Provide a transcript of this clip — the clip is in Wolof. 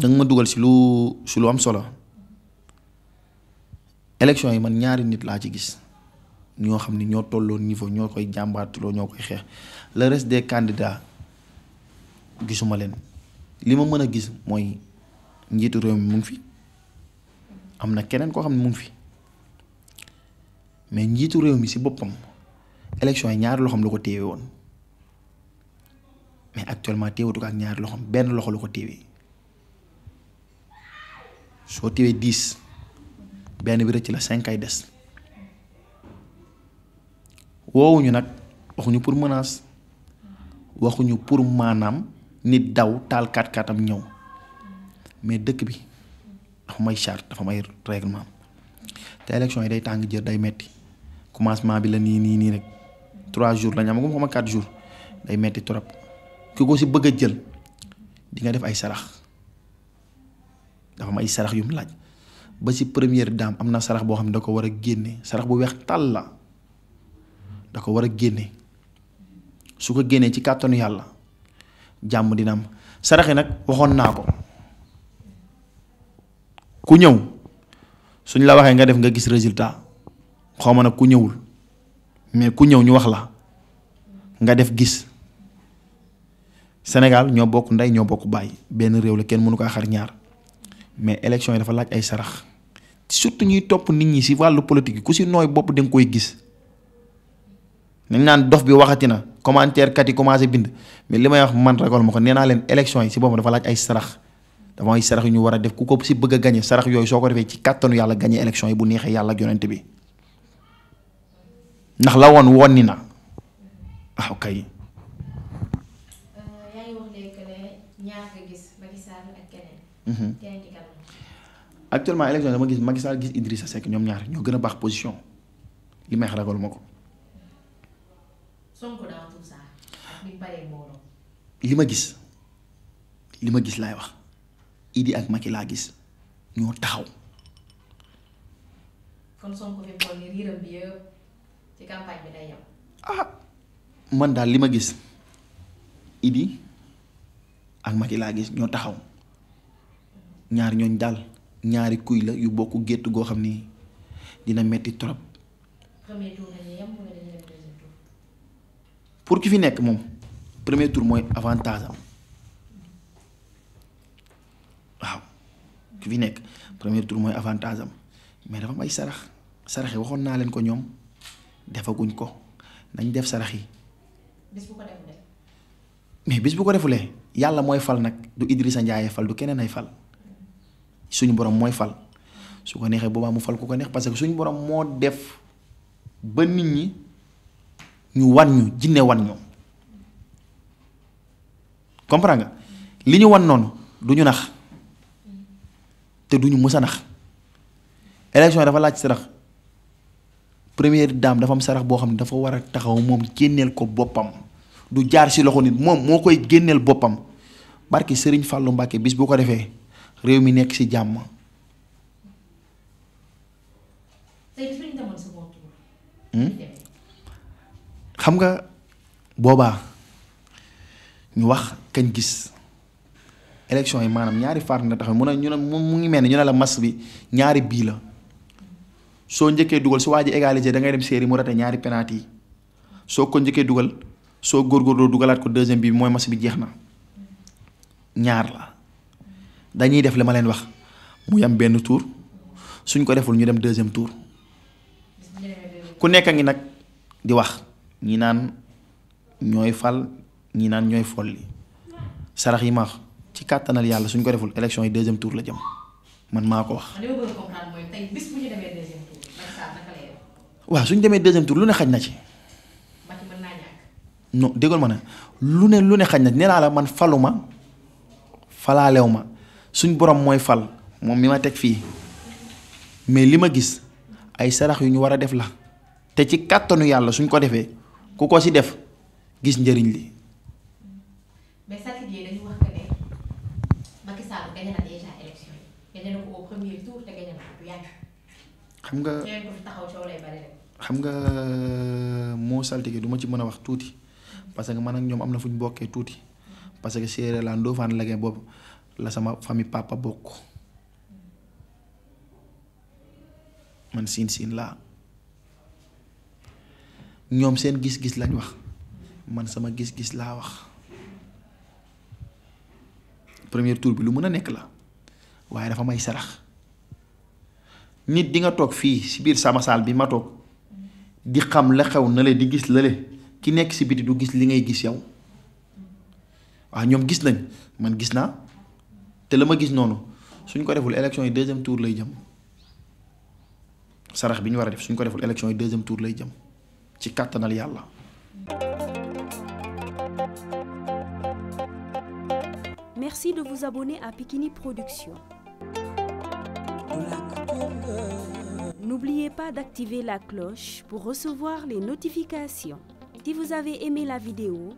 dang ma dugal ci lu ci lu am solo Election yi man ñaari nit laa ci gis ño xamni ni tollo niveau ño koy lo ño koy xex le reste des candidats gisuma len lima meuna gis moy njitu rew mi mu ngi fi am na keneen ko mu ngi fi mais njitu rew mi si bopam. Election yi ñaar loxam lako ko téewe mais actuellement téewatu ko ak ñaar loxam ben loxo lako soo téwee dix benn bi rëcc la cinq ay des woowuñu nag waxuñu pour menace waxuñu pour maanaam nit daw taal kat katam ñëw mais dëkk bi dafa may charte dafa may règlement te élection yi day tàng jël day metti commencement bi la nii nii nii rek trois jours lañ am ko xam quatre jours day metti trop ki ko si bëgg a jël di def ay sarax. am ay sarax yum laaj ba ci première dame amna sarax bo xam ne da ko war a sarax bu weex tal la da ko war a su ko génnee ci carton yalla jamm dina sarax nak waxon nako ku ñew suñ la waxee nga def nga gis résultat xaw nak ku ñewul mais ku ñew ñu wax la nga def gis Senegal ñoo bokk nday ñoo bokk bay ben rew la kenn mënu ko xar ñaar mais élection yi dafa laaj ay sarax surtout ñuy topp nit ñi si wàllu politique yi ku si nooy bopp da koy gis nañ naan dof bi waxati na commentaire kat yi bind mais li may wax man ragal ma ko nee naa leen élection yi si boppam dafa laaj ay sarax dafa ay sarax yu ñu war a def ku ko si bëgg a gañe sarax yooyu soo ko defee ci kàttanu yàlla gañe élection yi bu neexee yàlla ak yonent bi ndax la woon woon ni na waaw ah, kay nga gis Macky Sall ak keneen. Mhm. keneen dama gis Macky Sall gis Idrissa Seck ñoom ñaar ñoo gën a baax position li ma ko. ma gis li ma gis laay wax Idi ak Macky laa gis ñoo taxaw. kon ah, man daal li ma gis Idi. ak Macky laa gis ñoo taxaw ñaari ñooñ daal ñaari kuy la yu bokk gétt goo xam ni dina metti trop. pour ki fi nekk moom premier tour mooy avantage am waaw ki fi nekk premier tour mooy avantage am mais dafa am ay sarax sarax yi waxoon naa leen ko ñoom defaguñ ko dañ def sarax yi. bis mais bis bu ko defulee. yalla moy fal nak du Idrissa Ndiaye fal du kenen ay fal suñu borom moy fal su ko neexee boba mu fal ku ko nex parce que suñu borom mo def ba nit ñi ñu wañu ñu jinne wan comprends nga li ñu wan noonu duñu nax te duñu mësa nax élection dafa sarax première dame dafa am sarax bo xamni dafa wara taxaw mom kennel ko bopam du jaar ci loxo nit mom moo koy bopam, barki serigne Fàllu mbake bis bu ko defé rew mi nek ci jàmm hmm? xam nga boba ñu wax kañ gis élection yi manam ñaari far nga taxaw mu na ñu mu ngi melni ñu la mass bi ñaari bi la so ñëkke duggal su waji égalité da ngay dem séeri mu raté ñaari penalty so ko ñëkke duggal soo do dugalat ko deuxième bi moy match bi jeexna ñaar la dañuy def lima len wax mu yam ben tour suñ ko deful ñu dem deuxième tour ku nekk ngi nak di wax ñi naan ñoy fal ñi naan ñoy folli sarax yi ma ci katanal yalla suñ ko deful election yi deuxième tour la jëm man mako wax. wa suñ demee deuxième tour lu ne xaj na ci. No, déggal mané lu né lu né xagn na nee la man faluma fala lewma suñ borom moy fal mom mi ma tek fi mais lima gis ay sarax yu ñu wara def la té ci katanu yalla suñ ko défé ku ko ci def gis njëriñ li. mais Saltigué dañu wax que ne Macky Sall gañe na déjà élection yi ko au premier tour na du yàgg. xam nga xam nga euh, ci wax parce que man ak ñoom am na fu ñu bokkee tuuti parce que séeréer laa la Lege boobu la sama famille papa bokk man siin siin laa ñoom seen gis-gis lañ wax man sama gis-gis laa wax premier tour bi lu mën a nekk la waaye dafa may sarax nit di nga toog fii si biir sama saal bi ma toog di xam la xew na le di gis la le ki nekk si biti du gis li ngay gis yow waaw ah, ñoom gis nañ man gis naa te la ma gis noonu suñ ko deful élection yi deuxième tour lay jëm sarax bi ñu war a def suñ ko deful élection yi deuxième tour lay jëm ci kàttanal yàlla. Merci de vous abonner à Pikini Productions. N'oubliez pas d'activer la cloche pour recevoir les notifications. Si vous avez aimé la vidéo,